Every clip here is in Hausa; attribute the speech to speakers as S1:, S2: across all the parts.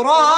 S1: التوراة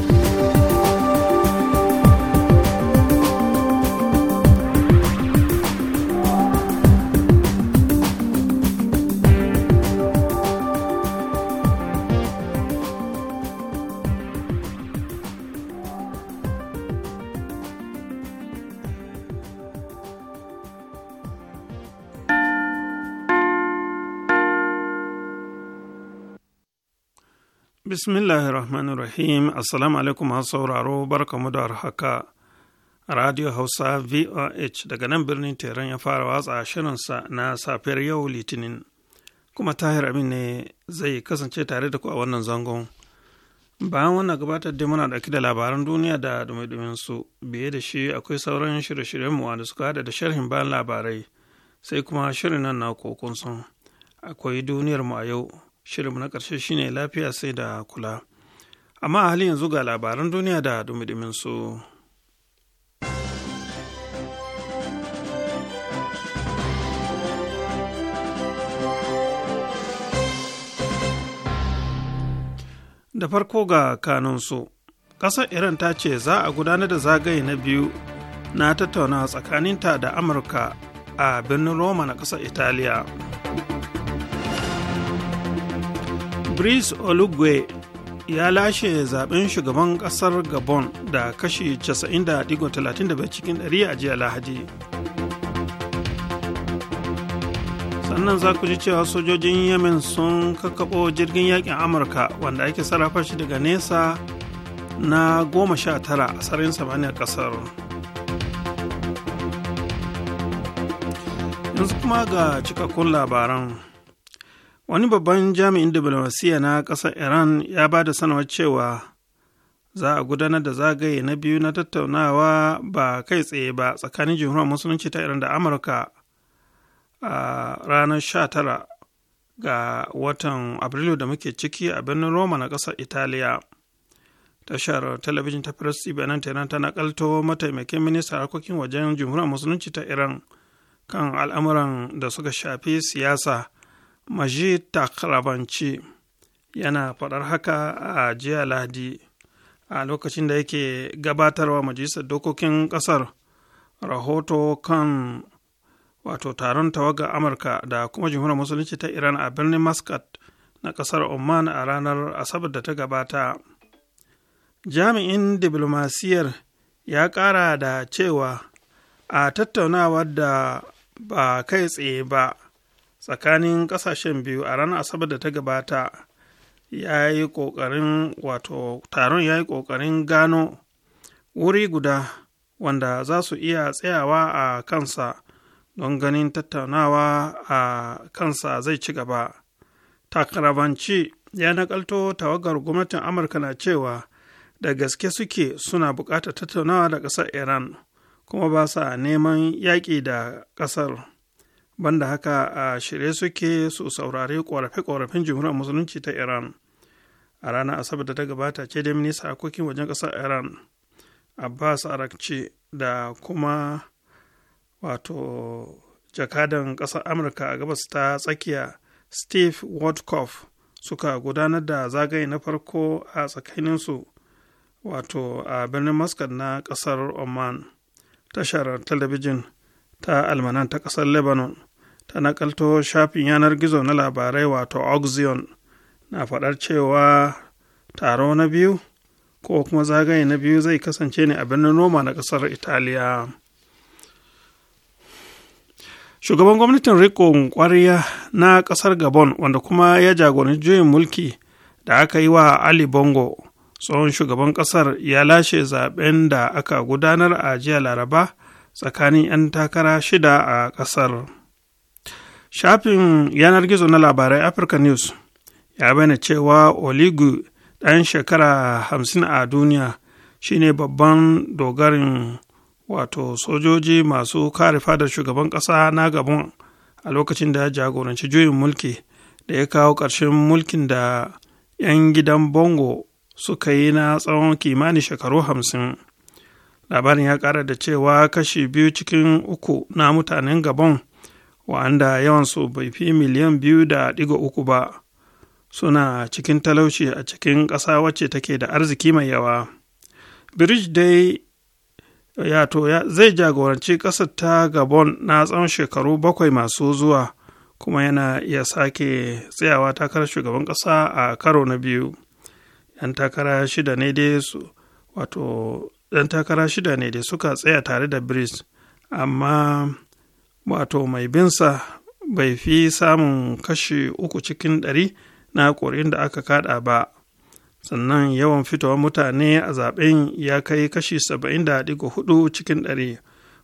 S2: Bismillahirrahmanirrahim. Assalamu alaikum masu sauraro barkamu da haka. Radio Hausa VOH daga nan birnin Teran ya fara watsa shirinsa na safiyar yau Litinin. Kuma Tahir Amin ne zai kasance tare da ku a wannan zangon. Bayan wannan gabatar da muna ɗauki da labaran duniya da dumi su biye da shi akwai sauran shirye-shiryen mu wanda suka hada da sharhin bayan labarai sai kuma shirin nan na kokon akwai duniyar mu a yau shirinmu na ƙarshe shine lafiya sai da kula amma a halin yanzu ga labaran duniya da dumidimin su. da farko ga kanunsu ƙasar iran ta ce za a gudanar da zagaye na biyu na tattaunawa tsakaninta da amurka a birnin roma na ƙasar italiya Fabrice Olugwe ya lashe zaben shugaban kasar Gabon da kashi 90.35 cikin 100 a jiya Lahadi. sannan za ku ji cewa sojojin yemen sun kakkaɓo jirgin yakin amurka wanda ake sarrafa shi daga nesa na goma sha tara a sararin samaniyar kasar. yanzu kuma ga cikakkun labaran wani babban jami'in diplomasiyya na ƙasar iran ya ba da sanarwar cewa za a gudanar da zagaye na biyu na tattaunawa ba kai tsaye ba tsakanin jihuwar musulunci ta iran da amurka a ranar 19 ga watan abrilu da muke ciki a birnin roma na ƙasar italiya tashar talabijin ta press cbn ta iran ta nakalto mataimakin minista harkokin wajen jumhuriyar musulunci ta iran kan al'amuran da suka shafi siyasa majid takrabanci yana faɗar haka a jiya lahadi a lokacin da yake gabatarwa majalisar dokokin ƙasar rahoto kan wato taron tawaga amurka da kuma jamhuriyar musulunci ta iran a birnin muscat na ƙasar oman a ranar asabar da ta gabata jami'in diplomasiyar ya ƙara da cewa a tattaunawar da ba kai tsaye ba tsakanin kasashen biyu a ranar asabar da ta gabata ya yi kokarin wato taron ya yi kokarin gano wuri guda wanda za su iya tsayawa a kansa don ganin tattaunawa a kansa zai ci gaba takarabanci ya nakalto tawagar gwamnatin amurka na cewa da gaske suke suna buƙatar tattaunawa da ƙasar iran kuma ba sa neman yaƙi da ƙasar banda haka a shirye suke su saurari ƙorafe-ƙorafen jimhuriyar musulunci ta iran a ranar asabar da ta gabata ce da minista harkokin wajen ƙasar iran abbas arakci da kuma wato jakadan ƙasar amurka a gabas ta tsakiya steve wodkoff suka gudanar da zagaye na farko a tsakaninsu wato a birnin muscat na ƙasar oman tashar talabijin ta almanan ta ƙasar lebanon ta nakalto shafin yanar gizo na labarai wato oxion na faɗar cewa taro na biyu ko kuma zagaye na biyu zai kasance ne a birnin roma na ƙasar italiya shugaban gwamnatin rikon kwariya na ƙasar gabon wanda kuma ya jagoranci juyin mulki da aka yi wa ali bongo tsohon shugaban ƙasar ya lashe zaben da aka gudanar a jiya laraba tsakanin 'yan takara shida a ƙasar. Shafin yanar gizo na labarai Africa News ya bayyana cewa Oligu ɗan shekara hamsin a duniya shine babban dogarin wato sojoji masu kare fadar shugaban ƙasa na gabon a lokacin da ya jagoranci juyin mulki da ya kawo ƙarshen mulkin da 'yan gidan bongo suka yi na tsawon kimanin shekaru hamsin labarin ya kara da cewa kashi biyu cikin uku na mutanen gabon wa'anda yawansu bai fi miliyan biyu da ɗigo uku ba suna cikin talauci a cikin ƙasa wacce take da arziki mai yawa birij dai ya zai jagoranci ƙasar ta gabon na tsawon shekaru bakwai masu zuwa kuma yana iya sake tsayawa takarar shugaban ƙasa a karo na biyu 'yan takara shida ne dai su wato ɗan takara shida ne da suka tsaya tare da Breeze, amma wato mai binsa bai fi samun kashi uku cikin ɗari na ƙorin da aka kada ba. Sannan yawan fitowa mutane a zaben ya kai kashi 70.4 cikin ɗari,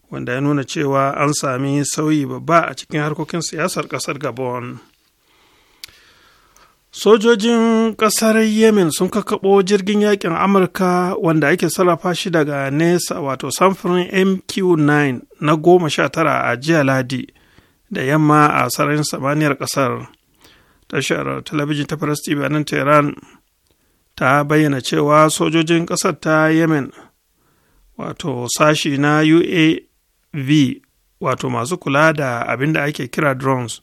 S2: wanda ya nuna cewa an sami sauyi babba a cikin harkokin siyasar ƙasar Gabon. Sojojin ƙasar Yemen sun kakaɓo jirgin yakin Amurka wanda ake sarrafa shi daga nesa wato samfurin MQ-9 na goma sha tara a jiya Ladi da yamma a sararin samaniyar ƙasar. Tashar talabijin ta Faras TV Tehran ta bayyana cewa sojojin ƙasar ta Yemen wato sashi na UAV wato masu kula da abin da ake kira drones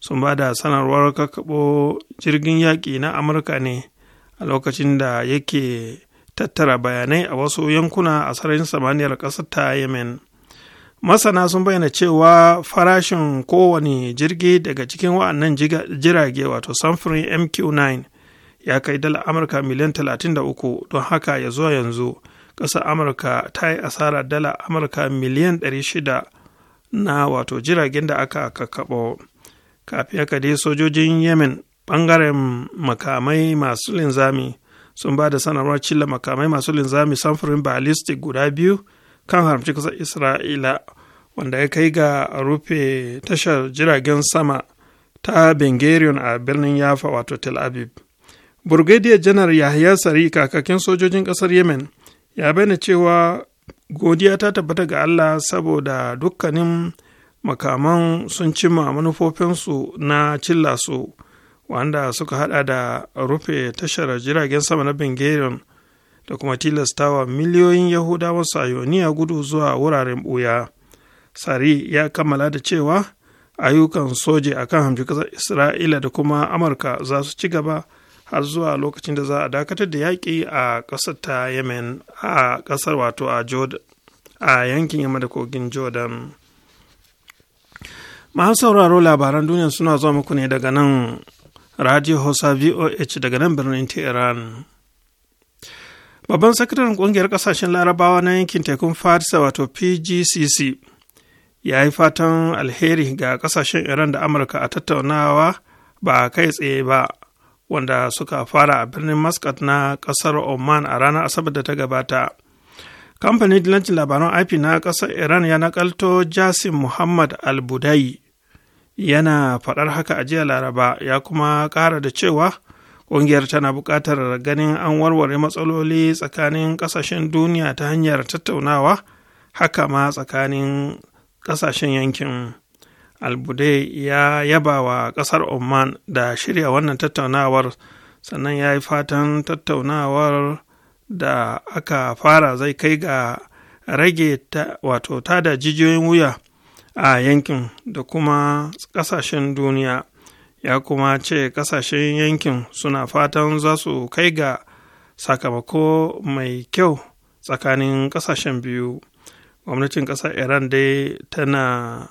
S2: sun ba da sanarwar kakkaɓo jirgin yaƙi na amurka ne a lokacin da yake tattara bayanai a wasu yankuna a sararin samaniyar ƙasar ta yemen masana sun bayyana cewa farashin kowane jirgi daga cikin wa'annan jirage wato samfurin mq9 ya kai dala amurka miliyan 33 don haka ya zuwa yanzu ƙasar amurka ta yi asara dala amurka miliyan 600 na wato jiragen da aka kakkaɓo kafin haka dai sojojin yemen bangaren makamai masu linzami sun ba da sanarwar cilla makamai masu linzami samfurin ballistic guda biyu kan haramci kasar isra'ila wanda ya kai ga rufe tashar jiragen sama ta bengarian a birnin yafa wato tel aviv Burgadiya janar yahya sari kakakin sojojin kasar yemen ya bayyana cewa godiya ta tabbata ga allah saboda dukkanin makaman sun cimma manufofinsu na cilla su wanda suka hada da rufe tashar jiragen sama na bengarian da kuma tilastawa miliyoyin yahudawa sayoniya gudu zuwa wuraren buya sari ya kammala da cewa ayyukan soje a kan ƙasar isra'ila da kuma amurka za su ci gaba har zuwa lokacin da za a dakatar da yaƙi a ƙasar ta yemen a ƙasar wato a yankin yamma da kogin jordan masu sauraro labaran duniya suna zuwa muku ne daga nan radio hausa voh daga nan birnin tehran babban sakataren kungiyar ƙasashen larabawa na yankin tekun farisa wato pgcc ya yi fatan alheri ga ƙasashen iran da amurka a tattaunawa ba kai tsaye ba wanda suka fara a birnin muscat na ƙasar oman a ranar asabar da ta gabata kamfanin dilancin labaran ip na ƙasar iran ya nakalto jasim muhammad al-budai yana faɗar haka a jiya laraba ya kuma ƙara da cewa ƙungiyar tana buƙatar ganin an warware matsaloli tsakanin ƙasashen duniya ta hanyar tattaunawa haka ma tsakanin ƙasashen yankin albude ya yaba wa ƙasar oman da shirya wannan tattaunawar sannan ya yi fatan tattaunawar da aka fara zai kai ga rage wato tada jijiyoyin wuya a yankin da kuma ƙasashen duniya ya kuma ce ƙasashen yankin suna fatan za su kai ga sakamako mai kyau tsakanin ƙasashen biyu gwamnatin ƙasar iran dai tana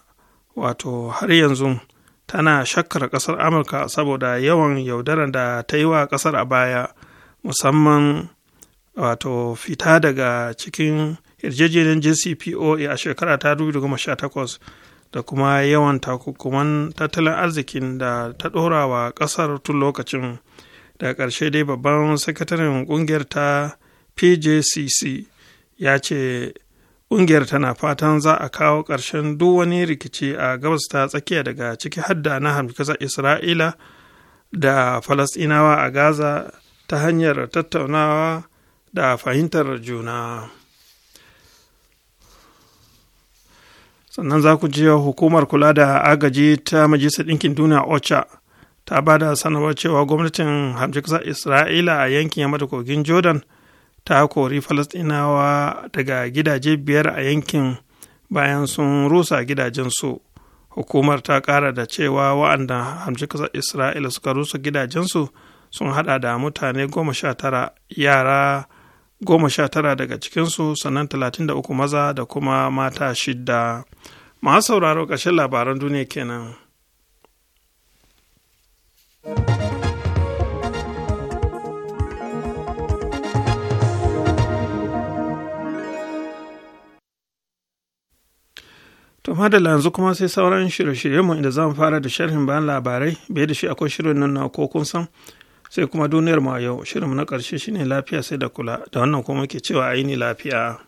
S2: wato har yanzu tana shakkar ƙasar amurka saboda yawan yaudarar da ta yi wa ƙasar a baya musamman wato fita daga cikin yarjejeniyar jcpoa a shekara ta 2018 da kuma yawan takunkuman tattalin arzikin da ta ɗora wa ƙasar tun lokacin da ƙarshe dai babban sakataren ƙungiyar ta pjcc ya ce ƙungiyar tana fatan za a kawo ƙarshen duk wani rikici a gabas ta tsakiya daga ciki hadda na hamkasar isra'ila da falasɗinawa a gaza ta hanyar tattaunawa da fahimtar juna. sannan za ku je hukumar kula da agaji ta majalisar ɗinkin duniya ocha ta ba da sanarwar cewa gwamnatin Kasar isra'ila a yankin yamma da kogin jordan ta kori falastinawa daga gidaje biyar a yankin bayan sun rusa gidajensu hukumar ta ƙara da cewa wa'anda Kasar isra'ila suka rusa gidajensu sun hada da mutane goma sha tara yara goma sha tara daga cikinsu sannan talatin da uku maza da kuma mata shidda masu sauraro ƙarshen labaran duniya kenan. To madalla yanzu kuma sai sauran shirye-shiryenmu inda zan fara da sharhin bayan labarai, bai da shi akwai shirin nan na ko kun san sai kuma duniyar mu a yau shirin na ƙarshe shine lafiya sai da kula da wannan kuma ke cewa aini lafiya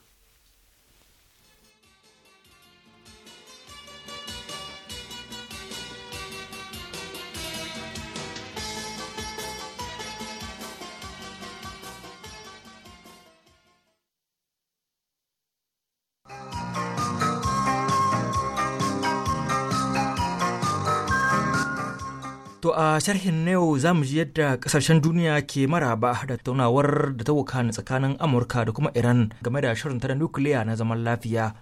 S3: To a sharhin na yau za mu ji yadda kasashen duniya ke maraba da taunawar da ta wakana tsakanin Amurka da kuma Iran game da shirin ta nukiliya na zaman lafiya.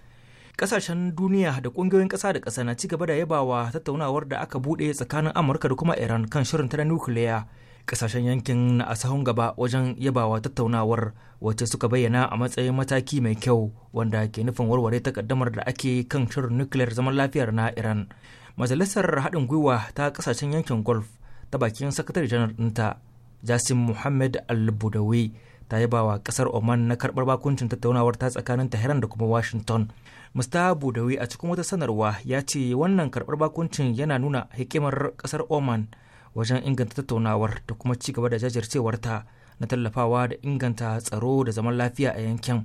S3: Kasashen duniya da kungiyoyin ƙasa da ƙasa na ci gaba da yabawa tattaunawar da aka buɗe tsakanin Amurka da kuma Iran kan shirin ta nukiliya. Kasashen yankin na asahun gaba wajen yabawa tattaunawar wacce suka bayyana a matsayin mataki mai kyau wanda ke nufin warware takaddamar da ake kan shirin nukiliyar zaman lafiyar na Iran. majalisar haɗin gwiwa ta ƙasashen yankin golf ta bakin sakatare janar ɗinta jasim muhammad al-budawi ta yaba wa ƙasar oman na karɓar bakuncin tattaunawar ta tsakanin tehran da kuma washington mr budawi a cikin wata sanarwa ya ce wannan karɓar bakuncin yana nuna hikimar ƙasar oman wajen inganta tattaunawar da kuma ci gaba da jajircewarta na tallafawa da inganta tsaro da zaman lafiya a yankin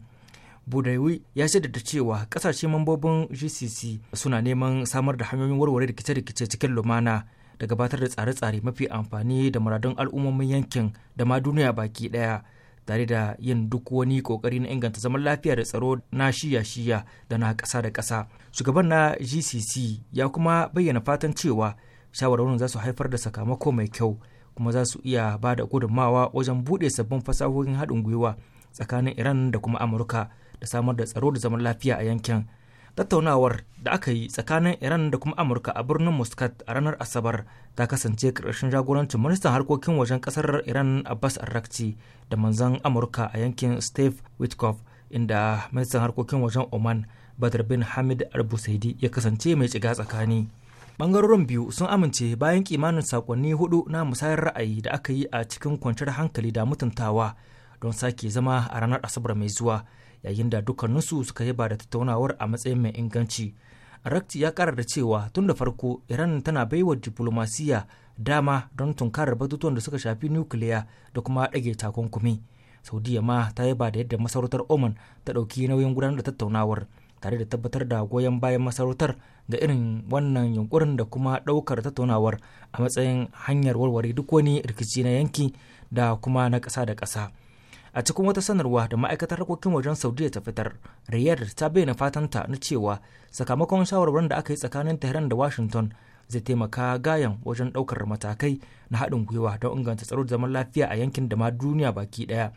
S3: budaiwi ya da cewa kasashe mambobin gcc suna neman samar da hanyoyin warware rikice-rikice cikin lumana da gabatar da tsare-tsare mafi amfani da muradun al'ummomin yankin da ma duniya baki daya tare da yin duk wani kokari na inganta zaman lafiya da tsaro na shiya-shiya da na kasa da ƙasa shugaban na gcc ya kuma bayyana fatan cewa shawarwarin za su haifar da sakamako mai kyau kuma za su iya ba da gudunmawa wajen buɗe sabbin fasahohin haɗin gwiwa tsakanin iran da kuma amurka da samar da tsaro da zaman lafiya a yankin tattaunawar da aka yi tsakanin iran da kuma amurka a birnin muscat a ranar asabar ta kasance ƙarshen jagorancin ministan harkokin wajen ƙasar iran abbas arrakci da manzan amurka a yankin steve witkoff inda ministan harkokin wajen oman badr bin hamid al ya kasance mai shiga tsakani bangarorin biyu sun amince bayan kimanin sakonni hudu na musayar ra'ayi da aka yi a cikin kwanciyar hankali da mutuntawa don sake zama a ranar asabar mai zuwa yayin da dukkaninsu suka yaba da tattaunawar a matsayin mai inganci rakti ya kara da cewa tun da farko iran tana baiwa diplomasiya dama don tunkarar batutuwan da suka shafi nukiliya da kuma ɗage takunkumi saudiya ma ta yaba da yadda masarautar oman ta ɗauki nauyin gudanar da tattaunawar tare da tabbatar da goyon bayan masarautar ga irin wannan yunkurin da kuma ɗaukar tattaunawar a matsayin hanyar warware duk wani rikici na yanki da kuma na ƙasa da ƙasa. a cikin wata sanarwa da ma'aikatar harkokin wajen saudiya ta fitar riyadh ta bayyana fatanta na cewa sakamakon shawarwarin da aka yi tsakanin tehran da washington zai taimaka gayan wajen ɗaukar matakai na haɗin gwiwa don inganta tsaro da zaman lafiya a yankin da ma duniya baki ɗaya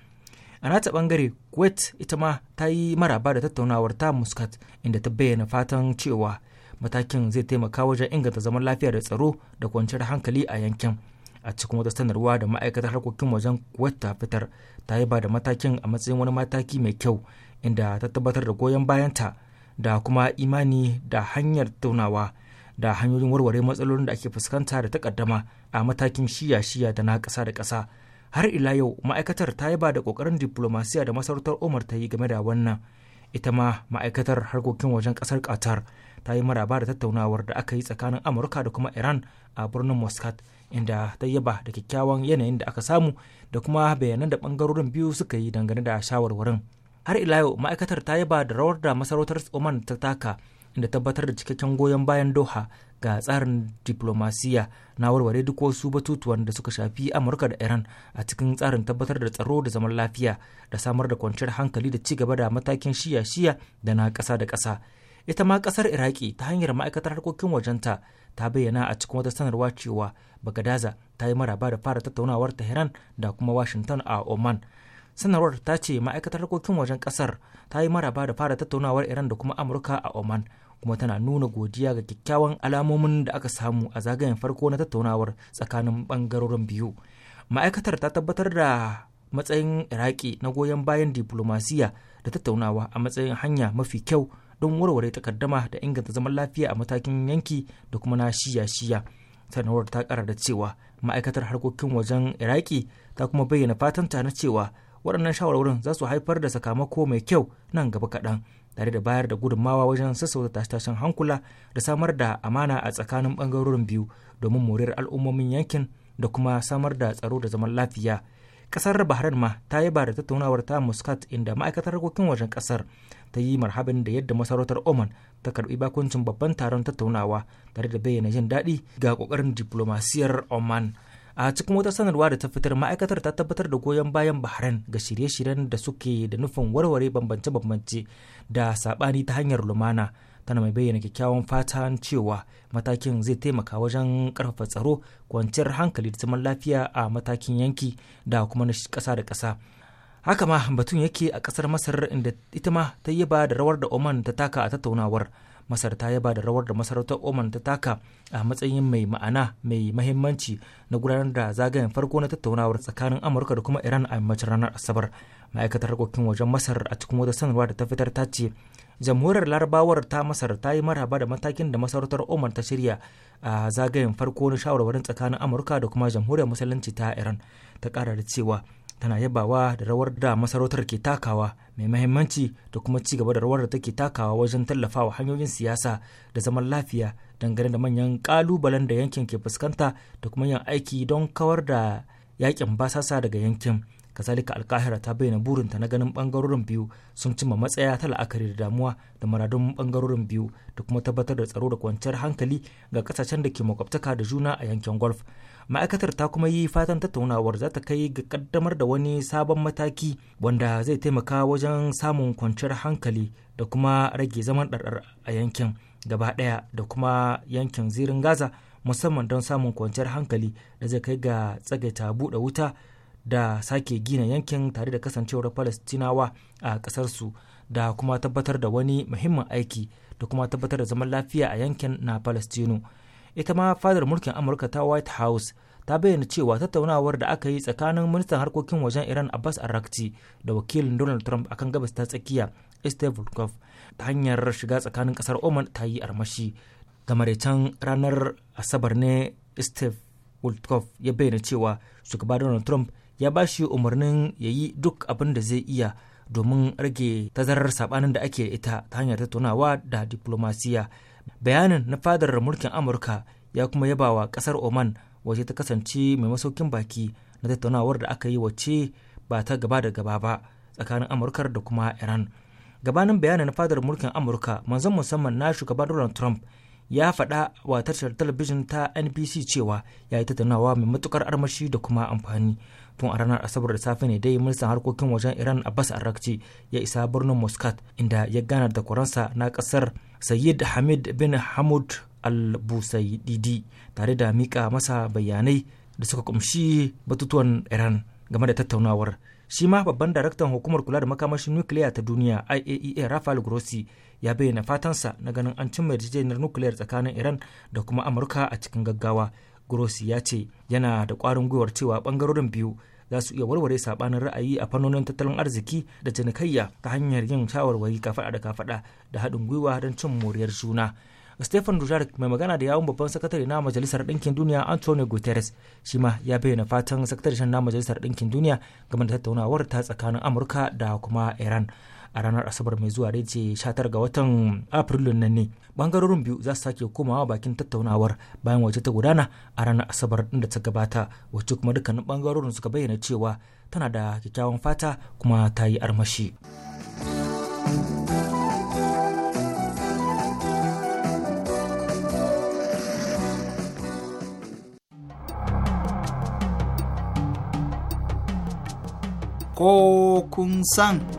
S3: a nata bangare kuwait ita ma ta yi maraba da tattaunawar ta muscat inda ta bayyana fatan cewa matakin zai taimaka wajen inganta zaman lafiya da tsaro da kwanciyar hankali a yankin a cikin wata sanarwa da ma'aikatar harkokin wajen kuwait ta fitar ta yi ba da matakin a matsayin wani mataki mai kyau inda ta tabbatar da goyon bayanta da kuma imani da hanyar tunawa da hanyoyin warware matsalolin da ake fuskanta da takaddama a matakin shiya-shiya da na ƙasa da ƙasa har ila yau ma'aikatar ta yi ba da ƙoƙarin diplomasiya da masarautar umar ta yi game da wannan ita ma ma'aikatar harkokin wajen ƙasar qatar ta yi maraba da tattaunawar da aka yi tsakanin amurka da kuma iran a birnin muscat inda ta yaba da kyakkyawan yanayin da aka samu da kuma bayanan da bangarorin biyu suka yi dangane da shawarwarin har ila yau ma'aikatar ta yaba da rawar da masarautar oman ta taka inda tabbatar da cikakken goyon bayan doha ga tsarin diplomasiya na warware duk wasu batutuwan da suka shafi amurka da iran a cikin tsarin tabbatar da tsaro da zaman lafiya da samar da kwanciyar hankali da ci gaba da matakin shiya-shiya da na ƙasa da ƙasa ita ma ƙasar iraki ta hanyar ma'aikatar harkokin wajenta ta bayyana a cikin wata sanarwa cewa bagadaza ta yi maraba da fara tattaunawar tehran da kuma washington a oman sanarwar ta ce ma'aikatar harkokin wajen kasar ta yi maraba da fara tattaunawar iran da kuma amurka a oman kuma tana nuna godiya ga kyakkyawan alamomin da aka samu a zagayen farko na tattaunawar tsakanin bangarorin biyu ma'aikatar ta tabbatar da matsayin iraki na goyon bayan diplomasiya da tattaunawa a matsayin hanya mafi kyau don warware takaddama da inganta zaman lafiya a matakin yanki da kuma na shiya-shiya sanarwar ta kara da cewa ma'aikatar harkokin wajen iraki ta kuma bayyana fatanta na cewa waɗannan shawarwarin za su haifar da sakamako mai kyau nan gaba kaɗan tare da bayar da gudummawa wajen sassauta tashe-tashen hankula da samar da amana a tsakanin ɓangarorin biyu domin moriyar al'ummomin yankin da kuma samar da tsaro da zaman lafiya kasar bahrain ma ta yi ba da tattaunawar ta muscat inda ma'aikatar harkokin wajen kasar ta yi marhabin da yadda masarautar oman ta karbi bakuncin babban taron tattaunawa tare da bayyana jin daɗi ga kokarin diplomasiyar oman a cikin wata sanarwa da ta fitar ma'aikatar ta tabbatar da goyon bayan bahrain ga shirye-shiryen da suke da nufin warware bambance-bambance da saɓani ta hanyar lumana tana mai bayyana kyakkyawan fatan cewa matakin zai taimaka wajen karfafa tsaro kwanciyar hankali da zaman lafiya a matakin yanki da kuma na ƙasa da kasa haka ma batun yake a kasar masar inda ita ma ta yaba da rawar da oman ta taka a tattaunawar masar ta yaba da rawar da masarautar oman ta taka a matsayin mai ma'ana mai mahimmanci na gudanar da zagayen farko na tattaunawar tsakanin amurka da kuma iran a yammacin ranar asabar ma'aikatar harkokin wajen masar a cikin wata sanarwa da ta fitar ta ce jamhuriyar larabawar ta masar ta yi maraba da matakin da masarautar oman ta shirya a zagayen farko na shawarwarin tsakanin amurka da kuma jamhuriyar musulunci ta iran ta kara da cewa tana yabawa da rawar da masarautar ke takawa mai mahimmanci da kuma ci gaba da rawar da take takawa wajen tallafawa hanyoyin siyasa da zaman lafiya dangane da manyan kalubalen da yankin ke fuskanta da kuma yin aiki don kawar da yakin basasa daga yankin kazalika alkahira ta bayyana burinta na ganin bangarorin biyu sun cimma matsaya ta la'akari da damuwa da maradun bangarorin biyu da kuma tabbatar da tsaro da kwanciyar hankali ga kasashen da ke makwabtaka da juna a yankin golf ma'aikatar ta kuma yi fatan tattaunawar za ta kai ga kaddamar da wani sabon mataki wanda zai taimaka wajen samun kwanciyar hankali da kuma rage zaman ɗarɗar a yankin gaba ɗaya da kuma yankin zirin gaza musamman don samun kwanciyar hankali da zai kai ga tsagaita buɗe wuta da sake gina yankin tare da kasancewar Falastinawa a ƙasarsu da kuma tabbatar da wani muhimmin aiki da kuma tabbatar da zaman lafiya a yankin na Ita ma fadar mulkin Amurka ta White House ta bayyana cewa tattaunawar da aka yi tsakanin ministan harkokin wajen Iran Abbas Arakci da wakilin Donald Trump akan gabas ta tsakiya Steve Volkov ta hanyar shiga tsakanin kasar Oman ta yi armashi. ga maraicen ranar Asabar ne Steve Volkov ya bayyana cewa shugaba Donald Trump ya ba shi umarnin ya yi duk abin da zai iya domin rage tazarar sabanin da ake ita ta hanyar tattaunawa da diplomasiya bayanin na fadar mulkin amurka ya kuma yaba wa kasar oman waje ta kasance mai masaukin baki na tattaunawar da aka yi wace ba ta gaba da gaba ba tsakanin amurka da kuma iran gabanin bayanin na fadar mulkin amurka manzon musamman na shugaban donald trump ya faɗa wa tashar talabijin ta nbc cewa ya yi tattaunawa mai matukar armashi da kuma amfani tun a ranar asabar da safe ne dai ministan harkokin wajen iran a abbas arakci ya isa birnin muscat inda ya gana da kuransa na kasar sayyid hamid bin hamud al-busaididi tare da mika masa bayanai da suka kumshi batutuwan iran game da tattaunawar shi ma babban daraktan hukumar kula da makamashin nukiliya ta duniya iaea e rafael grossi ya bayyana fatansa na ganin an cimma yarjejeniyar nukiliyar tsakanin iran da kuma amurka a cikin gaggawa grossi ya ce yana da ƙwarin gwiwar cewa ɓangarorin biyu za su iya warware sabanin ra'ayi a fannonin tattalin arziki da cinikayya ta hanyar yin shawarwari kafaɗa da kafaɗa da haɗin gwiwa don cin moriyar juna. Stephen Dujarric mai magana da yawun babban sakatare na Majalisar Ɗinkin Duniya Antonio Guterres shi ma ya bayyana fatan sakatare na Majalisar Ɗinkin Duniya game da tattaunawar ta tsakanin Amurka da kuma Iran. a ranar asabar mai zuwa rece 19 ga watan afrilun nan ne bangarorin biyu za su sake komawa bakin tattaunawar bayan waje ta gudana a ranar asabar din da ta gabata wacce kuma dukkanin bangarorin suka bayyana cewa tana da kyakkyawan fata kuma ta yi armashi. ko kun san.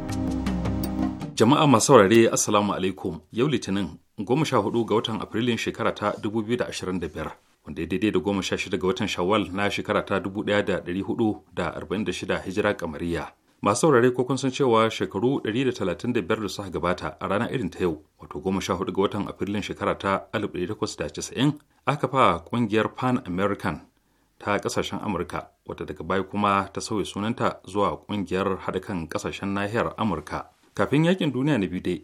S4: Jama'a masu saurare Assalamu alaikum yau Litinin goma sha hudu ga watan Afrilun shekara ta biyar wanda ya daidai da goma sha shida ga watan Shawwal na shekara ta 1446 hijira kamariya. Masu saurare ko kun san cewa shekaru 135 da suka gabata a ranar irin ta yau wato goma sha hudu ga watan Afrilun shekara ta casa'in aka fa ƙungiyar Pan American ta kasashen Amurka wata daga baya kuma ta sauya sunanta zuwa ƙungiyar haɗa kan kasashen nahiyar Amurka. kafin yakin duniya na biyu dai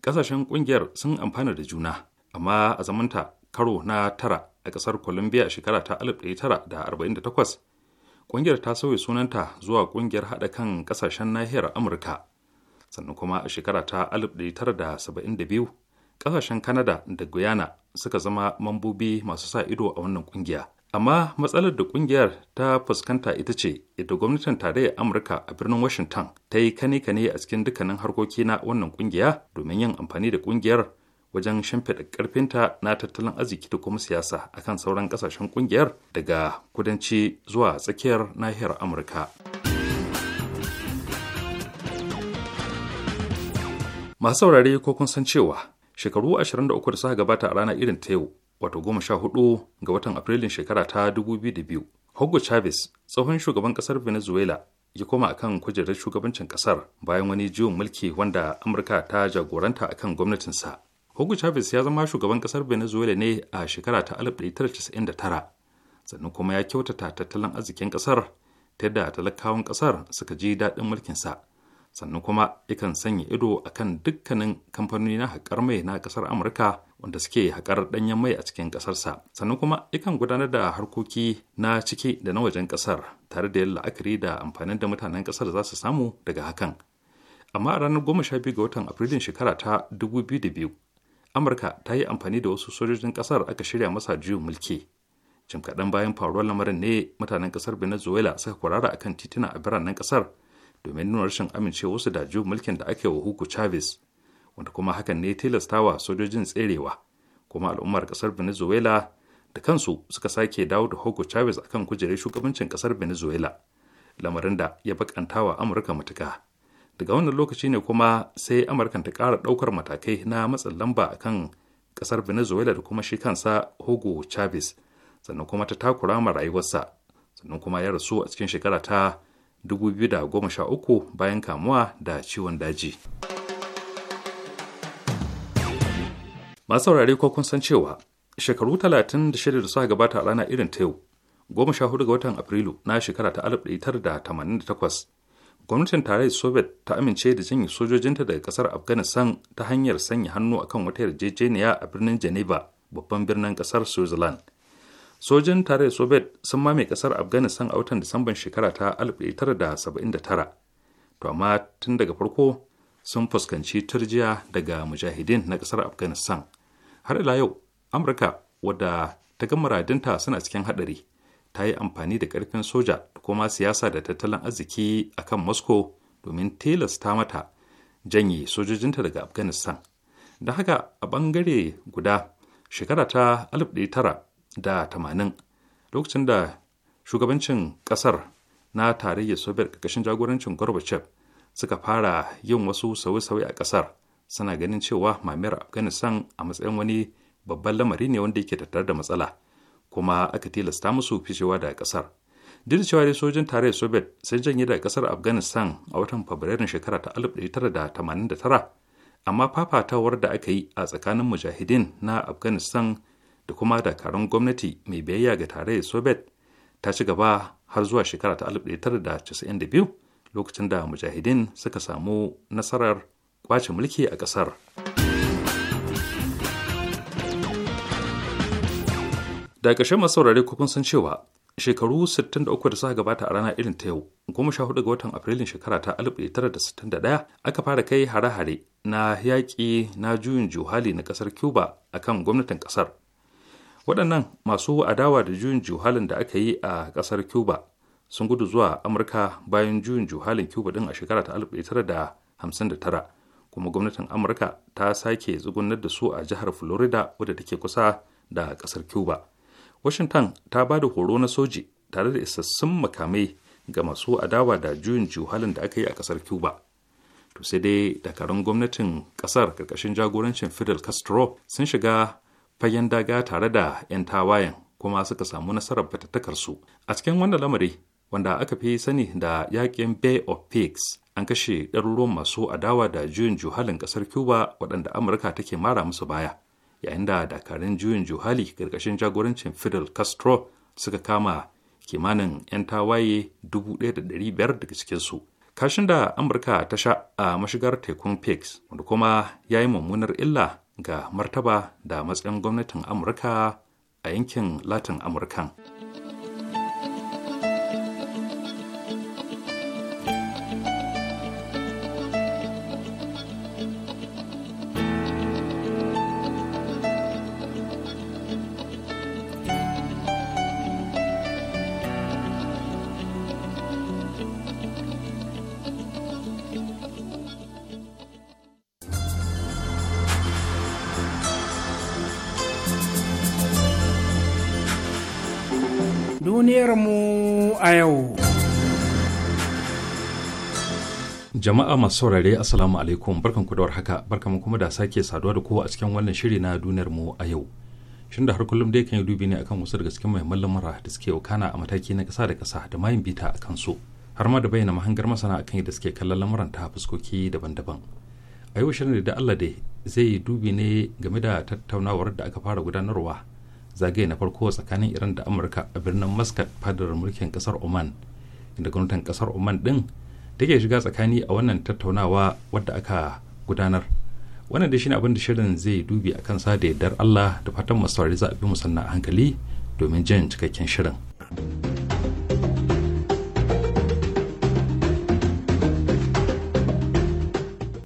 S4: kasashen kungiyar sun amfana da juna amma a zamanta karo na tara a kasar columbia a shekara ta 1948 kungiyar ta sauya sunanta zuwa kungiyar hada kan kasashen nahiyar amurka sannan kuma a shekara ta 1972 kasashen canada da guyana suka zama mambobi masu sa ido a wannan kungiya amma matsalar da kungiyar ta fuskanta ita ce inda gwamnatin tarayyar amurka a birnin washington ta yi kane-kane a cikin dukkanin harkoki na wannan kungiya domin yin amfani da kungiyar wajen shimfiɗa ƙarfinta na tattalin arziki da kuma siyasa akan sauran ƙasashen kungiyar daga kudanci zuwa tsakiyar nahiyar amurka masu saurare ko kun san cewa shekaru 23 da suka gabata a rana irin ta yau wato goma sha hudu ga watan Afrilun shekara ta biyu. Hugo Chavez, tsohon shugaban kasar Venezuela, ya koma akan kujerar shugabancin kasar bayan wani jiwon mulki wanda Amurka ta jagoranta akan gwamnatinsa. Hugo Chavez ya zama shugaban kasar Venezuela ne a shekara ta 1999, sannan kuma ya kyautata tattalin arzikin kasar ta yadda talakawan kasar suka ji daɗin mulkinsa. sannan kuma yakan sanya ido akan dukkanin kamfanoni na haƙar mai na ƙasar amurka wanda suke haƙar ɗanyen mai a cikin ƙasarsa sannan kuma yakan gudanar da harkoki na ciki da na wajen ƙasar tare da yalla la'akari da amfanin da mutanen ƙasar za su samu daga hakan amma a ranar goma sha biyu ga watan afrilun shekara ta dubu biyu da biyu amurka ta yi amfani da wasu sojojin ƙasar aka shirya masa juyin mulki jim kaɗan bayan faruwar lamarin ne mutanen ƙasar venezuela suka kwarara akan tituna a biranen ƙasar domin nuna rashin amincewa wasu da juyin mulkin da aka yi wa hugo chavez wanda kuma hakan ne tilastawa sojojin tserewa kuma al'ummar kasar venezuela da kansu suka sake dawo da hugo chavez akan kujerar shugabancin kasar venezuela lamarin da ya bakantawa amurka matuka daga wannan lokaci ne kuma sai amurkan ta ƙara ɗaukar matakai na matsin lamba akan kasar venezuela da kuma shi kansa hugo chavez sannan kuma ta takura ma rayuwarsa sannan kuma ya rasu a cikin shekara ta 2013 bayan kamuwa da ciwon daji. masu saurari ko kun san cewa shekaru 36 da suka gabata a rana irin ta yau goma sha hudu ga watan afrilu na shekara ta 1988 gwamnatin tarayyar soviet ta amince da janye sojojinta daga kasar afghanistan ta hanyar sanya hannu akan wata yarjejeniya a birnin geneva babban birnin kasar switzerland sojin tarayyar soviet sun mame kasar afghanistan a watan disamban shekara ta 1979 to amma tun daga farko sun fuskanci turjiya daga mujahidin na kasar afghanistan har ila yau amurka wadda ta ga muradinta suna cikin hadari ta yi amfani da karfin soja da kuma siyasa da tattalin arziki a kan moscow domin tilasta mata janye sojojinta daga afghanistan da haka a bangare guda shekara ta 1980 lokacin da shugabancin kasar na tarayyar soviet ƙarƙashin jagorancin gorbachev suka fara yin wasu sauye-sauye a kasar. suna ganin cewa mamayar afghanistan a matsayin wani babban lamari ne wanda yake tattare da matsala kuma aka tilasta musu ficewa da kasar duk cewa dai sojin tarayyar soviet sun janye daga kasar afghanistan a watan fabrairun shekara ta 1989 amma fafatawar da aka yi a tsakanin mujahidin na afghanistan da kuma dakarun gwamnati mai biyayya ga tarayyar soviet ta ci gaba har zuwa shekara ta 1992 lokacin da mujahidin suka samu nasarar kwace mulki a ƙasar. Da ƙarshen masu saurari kukun san cewa shekaru 63 da suka gabata a rana irin ta yau, goma sha hudu ga watan Afrilun shekara ta 1961 aka fara kai hare-hare na yaƙi na juyin juhali na ƙasar Cuba kan gwamnatin ƙasar. Waɗannan masu adawa da juyin juhalin da aka yi a ƙasar Cuba sun gudu zuwa Amurka bayan juyin juhalin Cuba ɗin a shekara ta 1959. kuma gwamnatin amurka ta sake tsugunar da su a jihar florida wadda take kusa da kasar cuba washington ta ba da horo na soji tare da isassun makamai ga masu adawa da juyin juhalin da aka yi a kasar cuba to sai dai dakarun gwamnatin kasar karkashin jagorancin fidel castro sun shiga fagen daga tare da 'yan tawayen kuma suka samu nasarar fatattakarsu a cikin wannan lamari wanda aka fi sani da yakin bay of pigs an kashe ɗaruruwan masu adawa da juyin juhalin ƙasar cuba waɗanda amurka take mara musu baya yayin da dakarun juyin juhali ƙarƙashin jagorancin fidel castro suka kama kimanin 'yan tawaye dubu da biyar daga cikinsu kashin da amurka ta sha a mashigar tekun pex wanda kuma ya yi mummunar illa ga martaba da matsayin gwamnatin amurka a yankin latin amurkan. yau. Jama'a masu saurare Assalamu alaikum barkan ku da warhaka barkan kuma da sake saduwa da kowa a cikin wannan shiri na duniyar mu a yau. Shin da har kullum dai kan yi dubi ne akan wasu daga cikin muhimman lamura da suke wakana a mataki na kasa da kasa da mayin bita a su har ma da bayyana mahangar masana akan yadda suke kallon lamuran ta fuskoki daban-daban. A yau shirin da Allah dai zai yi dubi ne game da tattaunawar da aka fara gudanarwa zagaye na farko tsakanin iran da amurka a birnin muscat fadar mulkin kasar oman inda gwamnatin kasar oman din take shiga tsakani a wannan tattaunawa wadda aka gudanar wannan da shine abin da shirin zai dubi a kansa da yardar allah da fatan masu za a bi musanna a hankali domin jin cikakken shirin.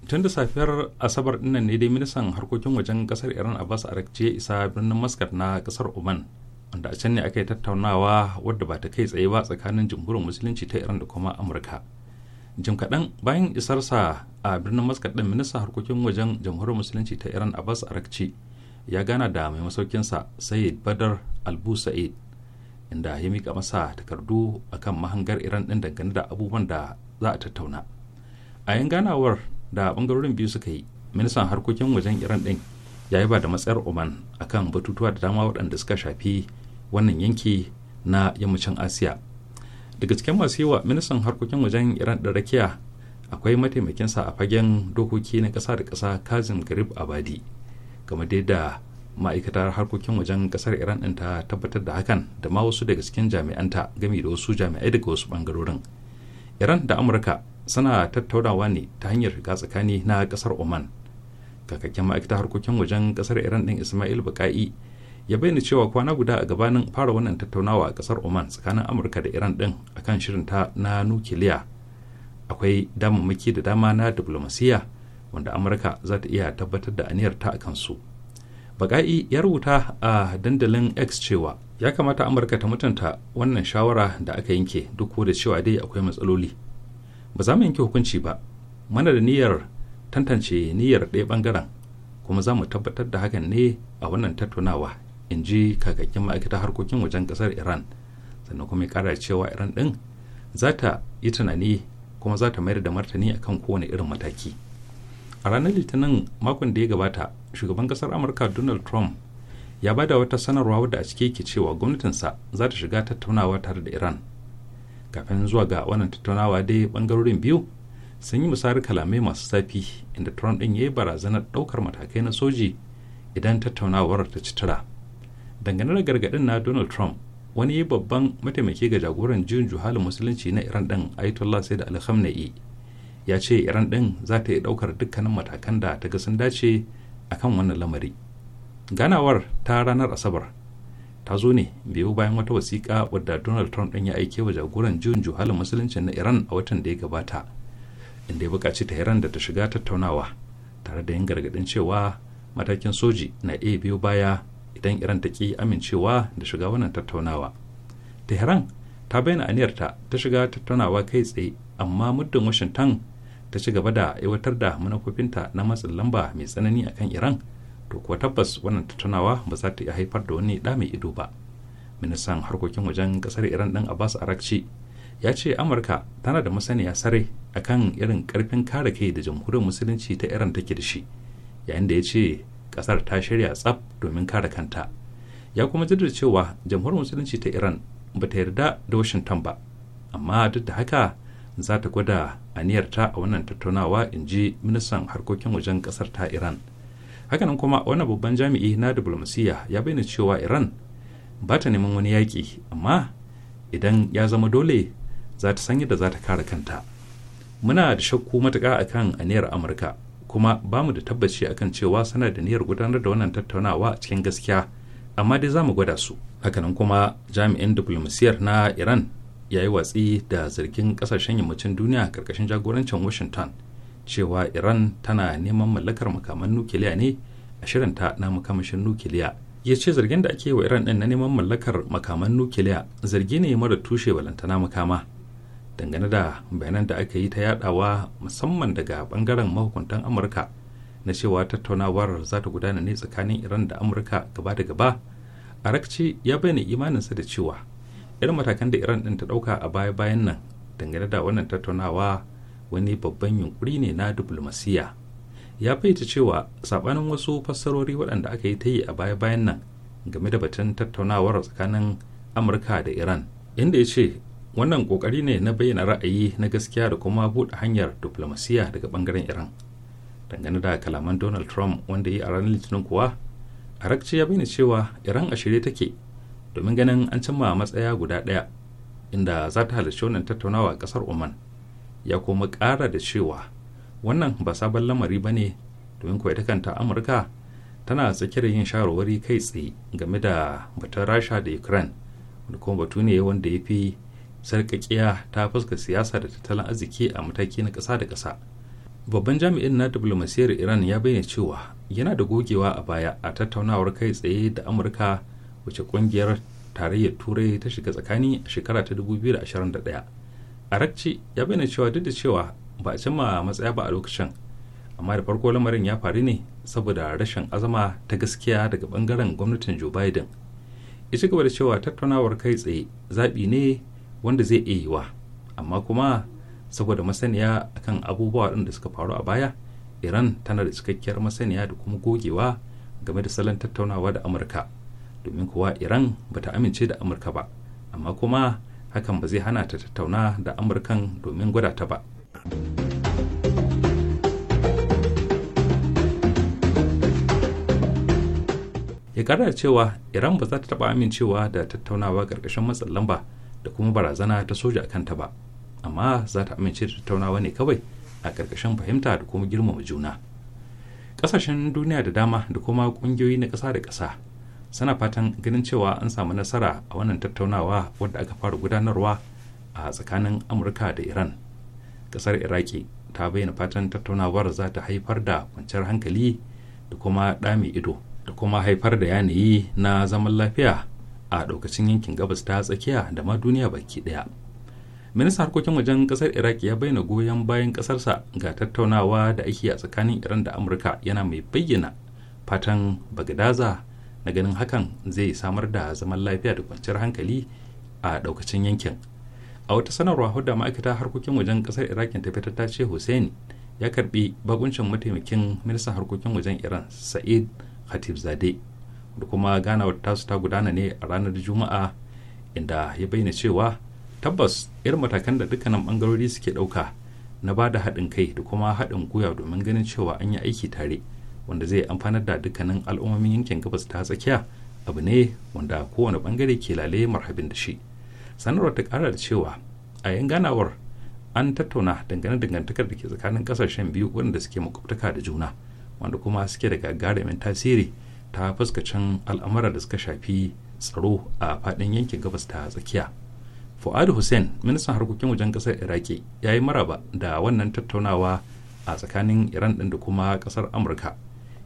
S4: tun da safiyar asabar dinnan ne dai ministan harkokin wajen kasar iran a abbas arakci ya isa birnin muscat na kasar oman wanda a can ne aka yi tattaunawa wadda ba ta kai tsaye ba tsakanin jamhuriyar musulunci ta iran da kuma amurka jim kaɗan bayan isarsa a birnin muscat ɗin ministan harkokin wajen jamhuriyar musulunci ta iran abbas arakci ya gana da mai masaukinsa sayid badar albu sa'id inda ya mika masa takardu akan mahangar iran ɗin dangane da abubuwan da za a tattauna a yan ganawar da bangarorin biyu suka yi ministan harkokin wajen iran din ya yi ba da matsayar oman akan batutuwa da dama waɗanda suka shafi wannan yanki na yammacin asiya daga cikin masu yi wa ministan harkokin wajen iran da rakiya akwai mataimakinsa a fagen dokoki na ƙasa da ƙasa kazim garib abadi game dai da ma'aikatar harkokin wajen ƙasar iran ɗin ta tabbatar da hakan da ma wasu daga cikin jami'anta game da wasu jami'ai daga wasu bangarorin. iran da amurka suna tattaunawa ne ta hanyar shiga tsakani na kasar oman kakakken ma'aikatar harkokin wajen kasar iran ɗin ismail buka'i ya bayyana cewa kwana guda a gabanin fara wannan tattaunawa a kasar oman tsakanin amurka da iran ɗin akan shirinta na nukiliya akwai damammaki da dama na diplomasiya wanda amurka za ta iya tabbatar da aniyarta a kansu baka'i ya rubuta a dandalin x cewa ya kamata amurka ta mutunta wannan shawara da aka yanke duk da cewa dai akwai matsaloli ba za mu yanke hukunci ba mana da niyyar tantance niyyar ɗaya bangaren kuma za mu tabbatar da hakan ne a wannan tattaunawa in ji kakakin ma'aikatar harkokin wajen ƙasar iran sannan kuma ya ƙara cewa iran ɗin za ta yi tunani kuma za ta mayar da martani akan kowane irin mataki a ranar litinin makon da ya gabata shugaban ƙasar amurka donald trump ya ba da wata sanarwa wadda a cike yake cewa gwamnatinsa za ta shiga tattaunawa tare da iran kafin zuwa ga wannan tattaunawa dai bangarorin biyu sun yi misali kalamai masu zafi inda trump din ya yi barazanar daukar matakai na soji idan tattaunawar ta ci tura dangane da gargadin na donald trump wani babban mataimaki ga jagoran juyin juhalin musulunci na iran din ayatollah sai da alhamna'i ya ce iran din za ta yi daukar dukkanin matakan da ta ga sun dace akan wannan lamari ganawar ta ranar asabar ta zo ne biyu bayan wata wasiƙa wadda donald trump ɗin ya aike wa jagoran juyin juhalin musulunci na iran a watan da ya gabata inda ya buƙaci ta iran da ta shiga tattaunawa tare da yin gargaɗin cewa matakin soji na iya biyo baya idan iran ta ƙi amincewa da shiga wannan tattaunawa tehran ta bayyana aniyarta ta shiga tattaunawa kai tsaye amma muddin washington ta ci gaba da aiwatar da manufofinta na matsin lamba mai tsanani akan iran to kuwa tabbas wannan tattaunawa ba za ta iya haifar da wani ɗa mai ido ba ministan harkokin wajen ƙasar iran ɗin abbas arakci ya ce amurka tana da masaniya sarai akan irin karfin kare kai da jamhuriyar musulunci ta iran take da shi yayin da ya ce kasar ta shirya tsaf domin kare kanta ya kuma jaddada cewa jamhuriyar musulunci ta iran ba ta yarda da washington ba amma duk da haka za ta gwada aniyarta a wannan tattaunawa in ji ministan harkokin wajen kasar ta iran hakanan kuma wani babban jami'i na diplomasiyya ya bayyana cewa iran ba ta neman wani yaƙi amma idan ya zama dole za ta san yadda za ta kare kanta muna da shakku matuƙa akan aniyar amurka kuma ba mu da tabbaci akan cewa sana da niyyar gudanar da wannan tattaunawa cikin gaskiya amma dai za mu gwada su hakanan kuma jami'in diplomasiyar na iran ya yi watsi da zargin kasashen yammacin duniya karkashin jagorancin washington cewa iran tana neman mallakar makaman nukiliya ne a shirinta na makamashin nukiliya ya ce zargin da ake wa iran din na neman mallakar makaman nukiliya zargi ne mara tushe balantana makama dangane da bayanan da aka yi ta yadawa musamman daga bangaren mahukuntan amurka na cewa tattaunawar za ta gudana ne tsakanin iran da amurka gaba da gaba arakci ya bayyana imaninsa da cewa irin matakan da iran din ta dauka a baya bayan nan dangane da wannan tattaunawa wani babban yunkuri ne na diplomasiya ya fahimta cewa sabanin wasu fassarori waɗanda aka yi ta yi a baya-bayan nan game da batun tattaunawar tsakanin amurka da iran inda ya ce wannan kokari ne na bayyana ra'ayi na gaskiya da kuma buɗe hanyar diplomasiya daga bangaren iran dangane da kalaman donald trump wanda yi a ranar litinin kuwa arakci ya bayyana cewa iran a shirye take domin ganin an cimma matsaya guda ɗaya inda za ta halarci wannan tattaunawa a ƙasar oman ya kuma ƙara da cewa wannan ba sabon lamari ba ne domin kuwa ita kanta amurka tana tsakiyar yin shawarwari kai tsaye game da batun rasha da ukraine wanda kuma batu ne wanda ya fi sarƙaƙiya ta fuska siyasa da tattalin arziki a mataki na ƙasa da ƙasa babban jami'in na diplomasiyar iran ya bayyana cewa yana da gogewa a baya a tattaunawar kai tsaye da amurka wace ƙungiyar tarayyar turai ta shiga tsakani a shekara ta 2021 arakci ya bayyana cewa duk da cewa ba a cimma matsaya ba a lokacin amma da farko lamarin ya faru ne saboda rashin azama ta gaskiya daga bangaren gwamnatin joe biden ya ci gaba da cewa tattaunawar kai tsaye zaɓi ne wanda zai iya yiwa amma kuma saboda masaniya akan abubuwa da suka faru a baya iran tana da cikakkiyar masaniya da kuma gogewa game da salon tattaunawa da amurka domin kuwa iran bata amince da amurka ba amma kuma hakan ba zai hana ta tattauna da amurkan domin gwada ta ba ya kara cewa iran ba za ta taba amincewa da tattaunawa karkashin matsin lamba da kuma barazana ta soja a kanta ba amma za ta amince da tattaunawa ne kawai a karkashin fahimta da kuma girmama juna kasashen duniya da dama da kuma ƙungiyoyi na kasa da kasa sana fatan ganin cewa an samu nasara a wannan tattaunawa wadda aka fara gudanarwa a tsakanin amurka da iran kasar iraki ta bayyana fatan tattaunawar za ta haifar da kwanciyar hankali da kuma ɗame ido da kuma haifar da yanayi na zaman lafiya a ɗaukacin yankin gabas ta tsakiya da ma duniya baki ɗaya ministan harkokin wajen kasar iraki ya bayyana goyon bayan kasarsa ga tattaunawa da ake a tsakanin iran da amurka yana mai bayyana fatan bagdaza. na ganin hakan zai samar da zaman lafiya da kwanciyar hankali a daukacin yankin a wata sanarwa hudda ma'aikata harkokin wajen kasar irakin ta fitar ta ce hussein ya karbi bakuncin mataimakin ministan harkokin wajen iran sa'id khatib zade da kuma ganawar tasu ta gudana ne a ranar juma'a inda ya bayyana cewa tabbas irin matakan da dukkanin bangarori suke dauka na ba da haɗin kai da kuma haɗin gwiwa domin ganin cewa an yi aiki tare wanda zai amfanar da dukkanin al'ummomin yankin gabas ta tsakiya abu ne wanda kowane bangare ke lale marhabin da shi sanarwar ta kara da cewa a yan ganawar an tattauna dangane dangantakar da ke tsakanin kasashen biyu waɗanda suke makwabtaka da juna wanda kuma suke da gagarumin tasiri ta fuskacin al'amura da suka shafi tsaro a fadin yankin gabas ta tsakiya fu'adu hussein ministan harkokin wajen kasar iraki ya yi maraba da wannan tattaunawa a tsakanin iran ɗin da kuma ƙasar amurka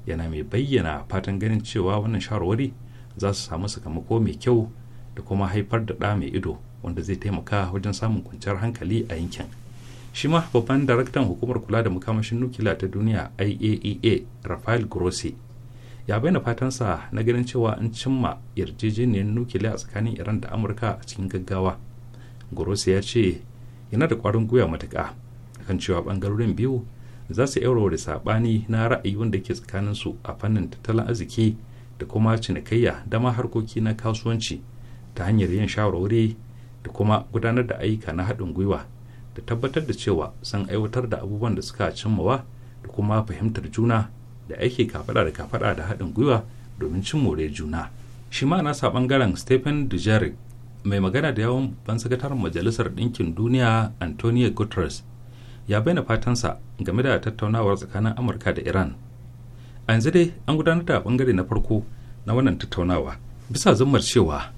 S4: yana mai bayyana fatan ganin cewa wannan shawarwari za su samu sakamako mai kyau da kuma haifar da ɗa mai ido wanda zai taimaka wajen samun kwanciyar hankali a yankin shi ma babban daraktan hukumar kula da makamashin nukiliya ta duniya iaea e rafael grossi ya bayyana fatansa na ganin cewa an cimma yarjejeniyar nukiliya tsakanin iran da amurka a cikin gaggawa grossi ya ce yana da kwarin gwiwa matuka. kan cewa bangarorin biyu za su da saɓani na ra'ayi wanda ke tsakaninsu a fannin tattalin arziki da kuma cinikayya da ma harkoki na kasuwanci ta hanyar yin shawarwari da kuma gudanar da ayyuka na haɗin gwiwa da tabbatar da cewa sun aiwatar da abubuwan da suka cimmawa da kuma fahimtar juna da aiki kafaɗa da kafaɗa da haɗin gwiwa domin cin more juna shi ma nasa ɓangaren stephen dujarric mai magana da yawon ban sakataren majalisar ɗinkin duniya antonio guterres ya bayyana fatansa game da tattaunawar tsakanin amurka da iran a yanzu dai an gudanar da bangare na farko na wannan tattaunawa bisa zummar cewa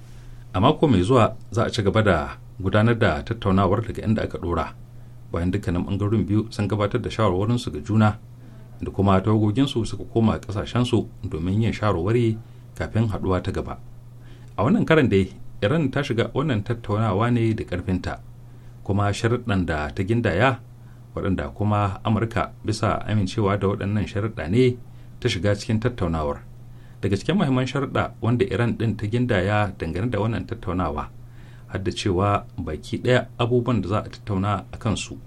S4: a mako mai zuwa za a ci gaba da gudanar da tattaunawar daga inda aka dora bayan dukkanin bangarorin biyu sun gabatar da shawarwarinsu ga juna da kuma tawagoginsu suka koma kasashensu domin yin shawarwari kafin haduwa ta gaba a wannan karan dai iran ta shiga wannan tattaunawa ne da karfinta kuma sharaɗan da ta gindaya waɗanda kuma amurka bisa amincewa da waɗannan sharaɗa ne ta shiga cikin tattaunawar daga cikin mahimman sharaɗa wanda iran ɗin ta gindaya dangane da wannan tattaunawa hadda cewa baki ɗaya abubuwan da za a tattauna a kansu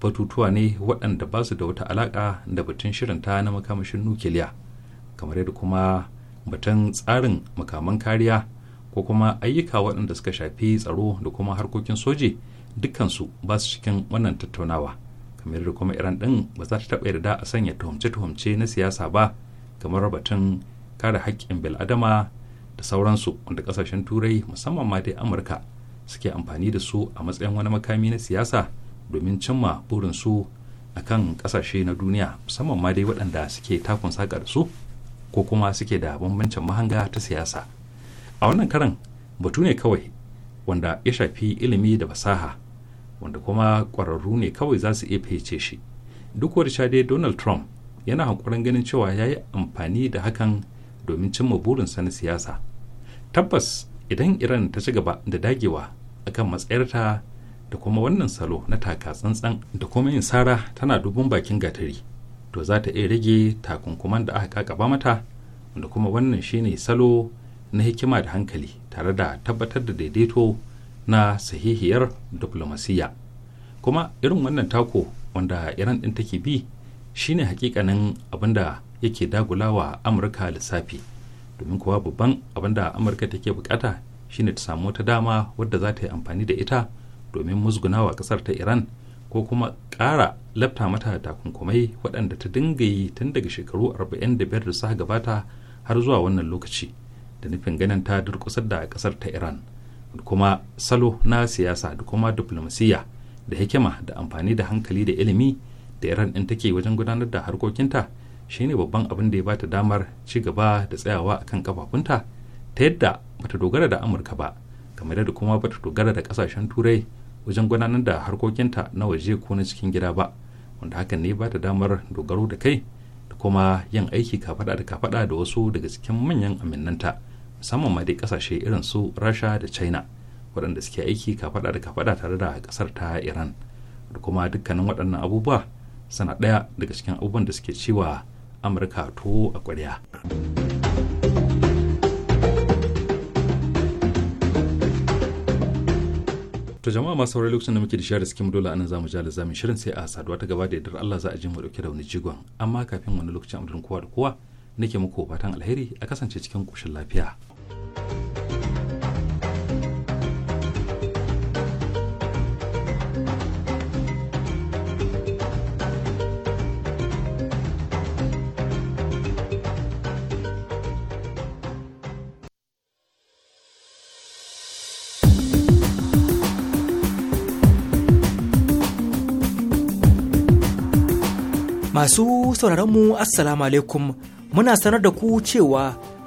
S4: batutuwa ne waɗanda ba su da wata alaƙa da batun shirinta na makamashin nukiliya kamar yadda kuma batun tsarin makaman kariya ko kuma ayyuka waɗanda suka shafi tsaro da kuma harkokin soji dukkansu ba su cikin wannan tattaunawa kamar da kuma iran din ba za ta taɓa yarda a sanya tuhumce-tuhumce na siyasa ba kamar rabatun kare haƙƙin bil'adama da sauransu wanda ƙasashen turai musamman ma dai amurka suke amfani da su a matsayin wani makami na siyasa domin cimma burinsu a kan ƙasashe na duniya musamman ma dai waɗanda suke takun saƙa da su ko kuma suke da bambancin mahanga ta siyasa a wannan karan batu ne kawai wanda ya shafi ilimi da fasaha wanda kuma ƙwararru ne kawai za su iya fahimce shi duk wani sha dai donald trump yana hankulan ganin cewa ya yi amfani da hakan domin cimma burinsa na siyasa tabbas idan iran ta ci gaba da dagewa akan matsayarta da kuma wannan salo na taka tsantsan da kuma yin sara tana dubun bakin gatari to za ta iya rage takunkuman da aka kaba mata wanda kuma wannan shine salo na hikima da hankali tare da tabbatar da daidaito na sahihiyar diplomasiya kuma irin wannan tako wanda iran ɗin take bi shine hakikanin abinda yake dagulawa amurka lissafi domin kuwa babban abinda amurka take bukata shine ta samu wata dama wadda za ta yi amfani da ita domin musgunawa kasar ta iran ko kuma ƙara lafta mata takunkumai waɗanda ta dinga yi tun daga shekaru 45 da biyar suka gabata har zuwa wannan lokaci da nufin ganin ta durƙusar da ƙasar ta iran kuma salo na siyasa da kuma diplomasiyya da hikima da amfani da hankali da ilimi da iran ɗin take wajen gudanar da harkokinta shine babban abin da ya bata damar ci gaba da tsayawa akan kafafunta ta yadda bata dogara da amurka ba kamar da kuma bata dogara da kasashen turai wajen gudanar da harkokinta na waje ko na cikin gida ba wanda hakan ne bata damar dogaro da kai da kuma yin aiki kafada da kafada da wasu daga cikin manyan aminnanta musamman ma dai kasashe irin su rasha da china waɗanda suke aiki kafada da kafada tare da ƙasar ta iran da kuma dukkanin waɗannan abubuwa suna ɗaya daga cikin abubuwan da suke cewa amurka to a ƙwarya. to jama'a masu saurari lokacin da muke da shari'a cikin dole anan zamu ja da zamu shirin sai a saduwa ta gaba da yadda Allah za a ji mu dauke da wani jigon amma kafin wani lokacin amdin kowa da kowa nake muku fatan alheri a kasance cikin koshin lafiya
S3: Masu sauraronmu Assalamu alaikum muna sanar da ku cewa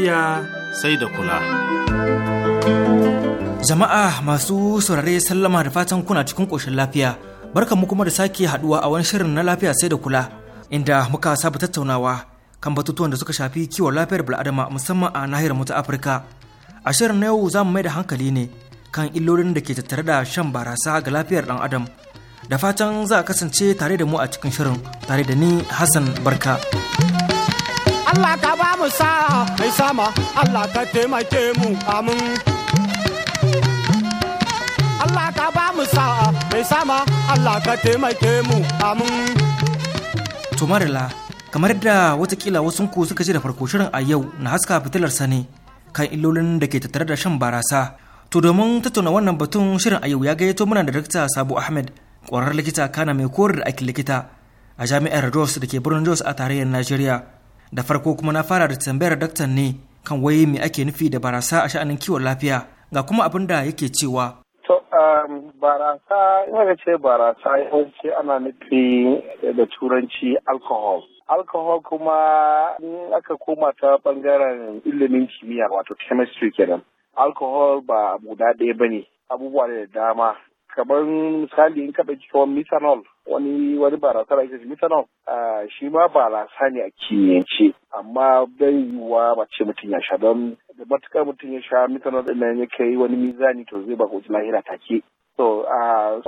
S2: lafiya sai da kula.
S3: Jama'a masu saurare sallama da fatan kuna cikin ƙoshin lafiya. Barkan mu kuma da sake haɗuwa a wani shirin na lafiya sai da kula inda muka saba tattaunawa kan batutuwan da suka shafi kiwon lafiyar bil'adama musamman a nahiyar mu ta Afirka. A shirin na yau za mu mai da hankali ne kan illolin da ke tattare da shan barasa ga lafiyar ɗan adam. Da fatan za a kasance tare da mu a cikin shirin tare da ni Hassan Barka. Allah
S5: ka mu sa mai sama Allah ka taimake mu amin Allah ka ba mu sa mai sama Allah ka taimake
S3: mu amin to kamar da watakila wasu ku suka ji da farko shirin a yau na haska fitilar sani kan illolin da ke tattare da shan barasa to domin tattauna wannan batun shirin a yau ya gayyato mana da dakta sabu ahmed ƙwararren likita kana mai koren da aikin likita a jami'ar jos da ke birnin jos a tarayyar najeriya da farko kuma na fara da tambayar daktan ne kan wai me ake nufi da barasa a sha'anin kiwon lafiya ga kuma abin da yake cewa
S6: to um, barasa ina ga ce barasa yawanci ana nufi da turanci alcohol alcohol kuma in aka koma ta bangaren ilimin kimiyya wato chemistry kenan alcohol ba guda ɗaya ba ne abubuwa da dama kamar misali in ka ɗauki kamar methanol wani wani barasa da ake shi methanol shi ma barasa ne a kimiyyance amma bai yiwuwa ba ce mutum ya sha don da matukar mutum ya sha methanol ɗin nan ya kai wani mizani to zai ba ko lahira take So,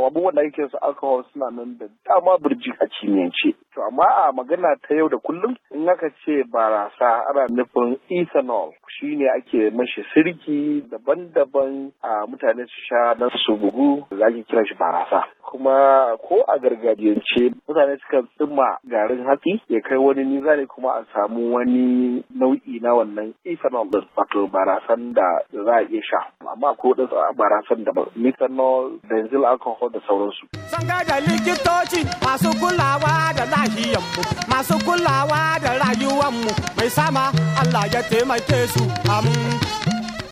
S6: abubuwan da ake su alcohol suna nan da dama birji a cinyance. To, amma a magana ta yau da kullum in aka ce barasa ana nufin ethanol shi ne ake mashi sirki daban-daban a mutane su sha na su bugu za ake kira shi barasa. Kuma ko a gargajiyance mutane suka tsima garin hatsi ya kai wani ne kuma a samu wani nau'i na wannan ethanol da wato barasan da za a iya sha. Amma ko barasan da ethanol benzil alcohol da sauransu.
S5: Zan da likitoci masu kulawa da lahiyanmu, masu kulawa da rayuwanmu mai sama Allah ya taimake su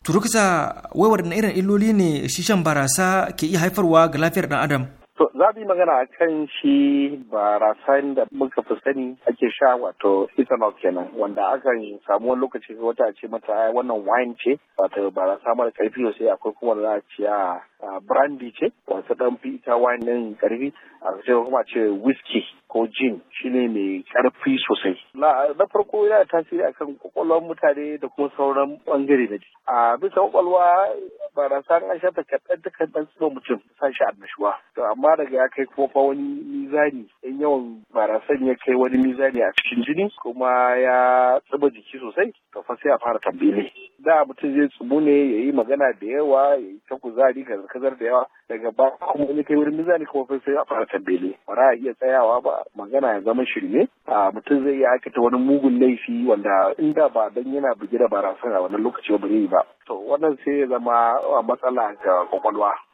S3: Turukta waiwar na irin illoli ne shi shan barasa ke iya haifarwa ga lafiyar ɗan adam. To za mu magana a kan
S6: shi barasan da muka fi sani ake sha wato ethanol kenan wanda aka samu wani lokaci wata ce mata wannan wine ce wato barasa mara karfi sai akwai kuma za a ce ah, a brandy ce wato dan fi ita wine din karfi a ce kuma ce whisky ko gin shi shine mai karfi sosai na farko yana tasiri akan kwakwalwar mutane da kuma sauran bangare na jiki a bisa kwakwalwa barasa an shafa kaɗan ta tsoron mutum sa shi annashuwa to amma da ga ya kai kuma fa wani mizani in yawan barasan ya kai wani mizani a cikin jini kuma ya tsiba jiki sosai to fa sai a fara tambele da mutum zai tsubu ne ya yi magana da yawa ya yi ta kuzari ga kazar da yawa daga ba kuma wani kai wani mizani kuma fa sai a fara tambele ba za a iya tsayawa ba magana ya zama shirme a mutum zai yi aikata wani mugun laifi wanda inda ba dan yana bugi da barasan a wannan lokaci ba ba to wannan sai ya zama a matsala ga kwakwalwa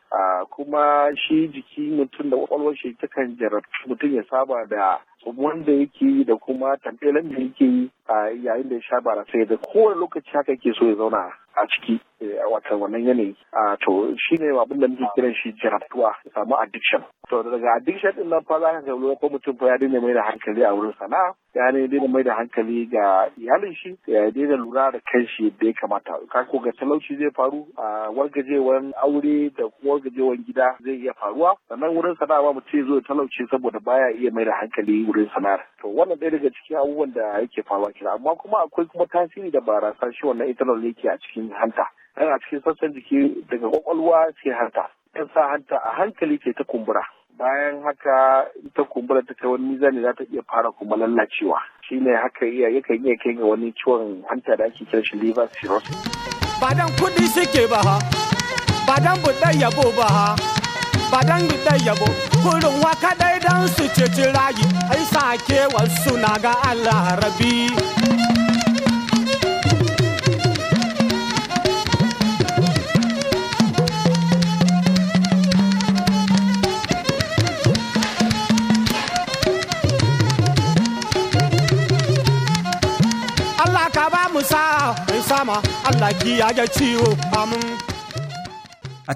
S6: kuma shi jiki mutum da kwakwalwar shi takan jarabci mutum ya saba da wanda yake yi da kuma tamfelan da yake yi a yayin da ya sha barasa da kowane lokaci haka ke so ya zauna a ciki wata wannan yanayi a to shi ne abin da muke kiran shi jarabtuwa ya samu addiction to daga addiction din nan fa za ka ga ko mutum fa ya daina mai da hankali a wurin sana'a ya ne daina mai da hankali ga iyalin shi ya daina lura da shi da ya kamata ka ko ga talauci zai faru a wargajewan aure da wargajewan gida zai iya faruwa sannan wurin sana'a ba mutum zo talauci saboda baya iya mai da hankali wurin sana'ar to wannan ɗaya daga cikin abubuwan da yake faruwa kira amma kuma akwai kuma tasiri da barasa shi wannan ethanol yake a cikin hanta yana cikin sassan jiki daga kwakwalwa ke hanta yan sa hanta a hankali ke ta kumbura bayan haka ta kumbura ta kai wani mizani za ta iya fara kuma lallacewa shine haka iya yakan iya kai ga wani ciwon hanta da ake kira shi liver cirrhosis
S5: ba dan kudi suke ba ha ba dan budan yabo ba ha ba dan budan yabo kurin waka dai dan su ce rayu ai sake wasu na ga Allah rabi
S3: A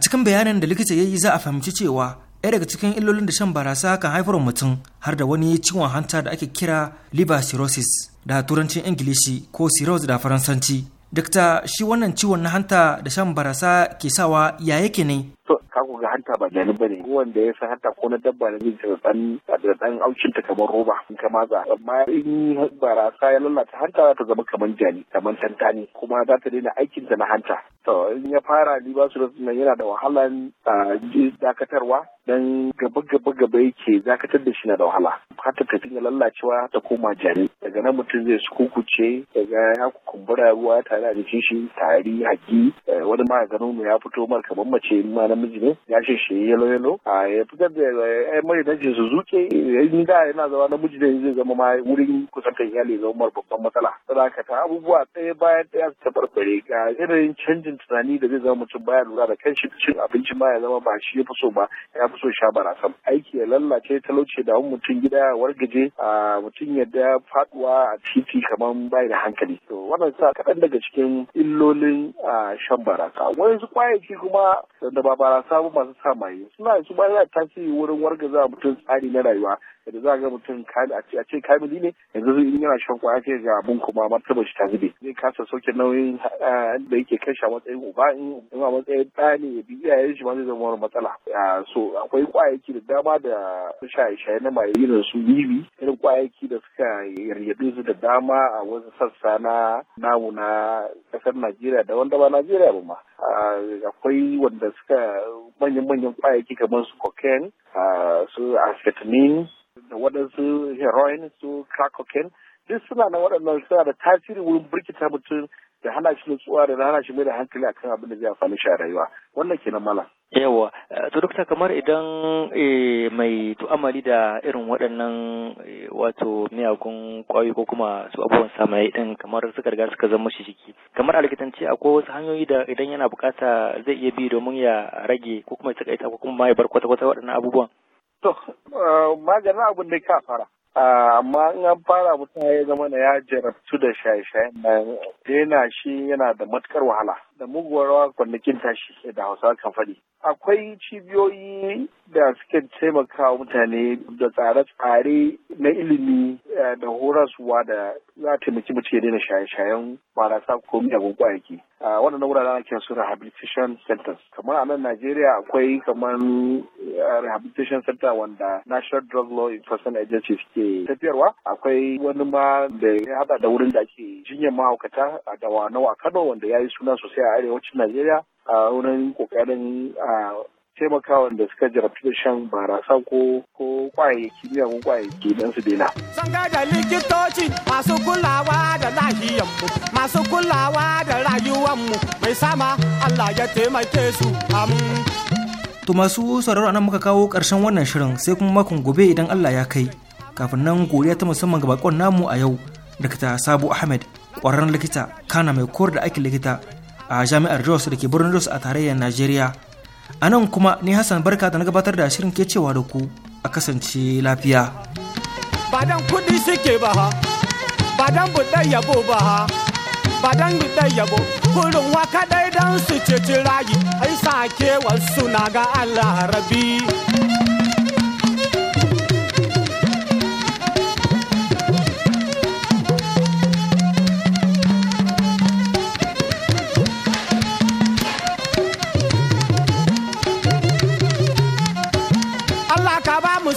S3: cikin bayanin da likita ya yi za a fahimci cewa ɗaya daga cikin illolin da shan barasa kan haifar mutum har da wani ciwon hanta da ake kira liver cirrhosis da turancin ingilishi ko cirrhosis da faransanci. Dokta shi wannan ciwon na hanta da shan barasa ke sawa ya yake ne?
S6: to ka ga hanta ba da bane wanda ya san hanta ko na dabba da zai tsatsan da dan aucin ta kamar roba in ka maza amma in barasa ya lalata hanta za ta zama kamar jani kamar tantani kuma za ta daina aikin ta na hanta to in ya fara ni b'a da nan yana da wahalan dakatarwa dan gaba gaba gaba yake dakatar da shi na da wahala har ta tafi ga lallacewa ta koma jari daga nan mutum zai su kukuce daga ya kumbura ruwa tare da jikin tari haki eh, wani ma ya gano ya fito mar kamar mace ma na namiji ne ya shi shi yelo. yalo a ya fitar da ya mai na su zuke in da yana zama namiji ne zai zama ma wurin kusan kusantar iyali zama mara babban matsala saboda ta abubuwa ɗaya bayan ɗaya su barbare ga yanayin canjin tunani da zai zama mutum baya lura da kanshi da cin abinci ma ya zama ba shi ya fi so ba ya fi so sha barasa aiki ya lallace talauce da mutum gida ya wargaje a mutum ya da faduwa a titi kamar bai da hankali to wannan sa kaɗan daga cikin illolin shan barasa wani su kwayaki kuma da ba barasa ba masu sa maye suna su ba yana tasiri wurin wargaza mutum tsari na rayuwa da za ga mutum a ce kamili ne yanzu in yana shan kwaya ce, ga abun kuma martaba shi ta zube zai kasa sauke nauyin eh, da yake kashe a matsayin uba in a matsayin ɗa ne ya bi iyayen shi ma zai zama wani matsala so akwai kwayaki da dama da shaye-shaye na mai irin su bibi irin kwayaki da suka yarjebe su da dama a wasu sassa na namu na ƙasar Najeriya da wanda ba Najeriya ba ma ah, akwai wanda suka manyan-manyan kwayaki kamar su cocaine ah, su amphetamine da waɗansu heroin su crack cocaine duk suna na waɗannan suna da tasiri wurin birkita mutum da hana shi nutsuwa da hana shi mai da hankali akan abin da zai amfani shi a rayuwa wannan
S3: kenan mala yawa to dokta kamar idan eh, mai tu'amali da irin waɗannan eh, wato miyagun kwayoyi ko kuma su abubuwan samaye din kamar suka riga suka zama shi jiki kamar a akwai wasu hanyoyi da idan yana bukata zai iya bi domin ya rage ko kuma ya tsakaita ko kuma ma ya bar kwata-kwata waɗannan abubuwan
S6: To, ah, maganin abin da ka fara. Ah, amma in an fara mutum ya zama na ya jarabtu da shaye-shayen nan, daina shi yana da matukar wahala. da muguwar rawa kwanakin tashi da hausa kan faɗi. Akwai cibiyoyi da suke taimaka mutane da tsare-tsare na ilimi eh, da horaswa da za taimaki mutum ya daina shaye-shayen barasa ko miyagun kwayaki. Wannan wuraren ake su rehabilitation centers. Kamar a nan Najeriya akwai kamar eh, rehabilitation center wanda National Drug Law Enforcement Agency suke tafiyarwa. Akwai wani ma da ya haɗa da wurin da ake jinyar mahaukata a nawa a Kano wanda ya yi suna sosai arewacin Najeriya a wurin kokarin a taimakawa da suka jarabtu da shan barasa ko ko kwayayyaki miyagun kwayayyaki don su daina.
S5: Sun da likitoci masu kulawa da lahiyanmu masu kulawa da rayuwanmu mai sama Allah ya taimake su
S3: To masu sauraro anan muka kawo ƙarshen wannan shirin sai kuma makon gobe idan Allah ya kai. Kafin nan godiya ta musamman ga bakon namu a yau, Dakta sabu Ahmed, ƙwararren likita, kana mai kor da aikin likita a jami'ar Jos da ke birnin Jos a tarayyar Najeriya. A nan kuma ni Hassan Barka da na gabatar da shirin ke cewa da ku a kasance lafiya.
S5: Badan kuɗi
S3: suke ba ha, badan buɗe yabo ba ha,
S5: badan yabo, kurin waka dai don su ceci rayu, ai sake wasu na ga Allah rabi.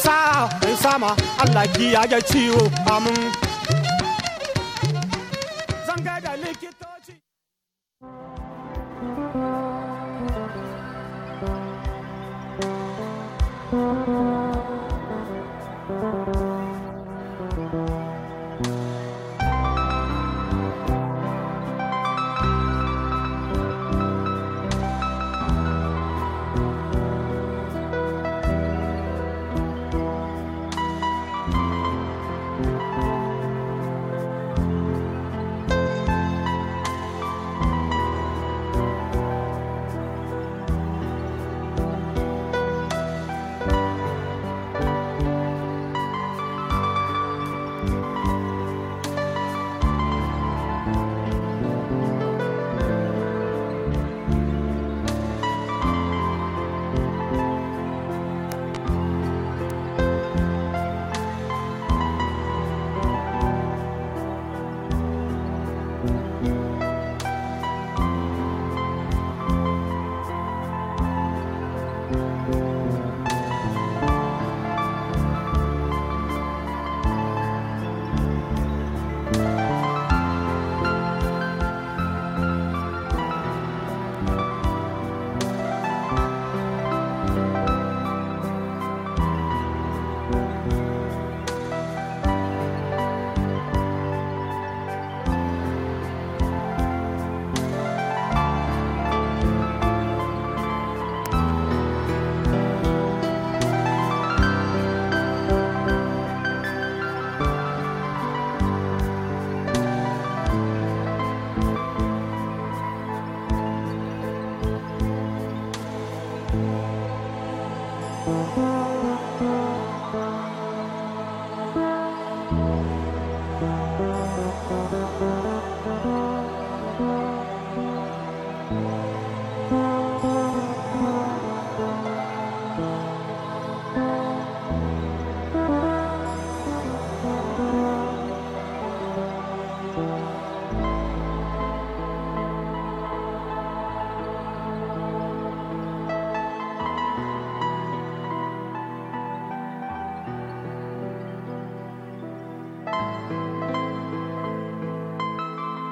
S5: sa mai sama Allah ya ga ciwo amin.
S7: thank you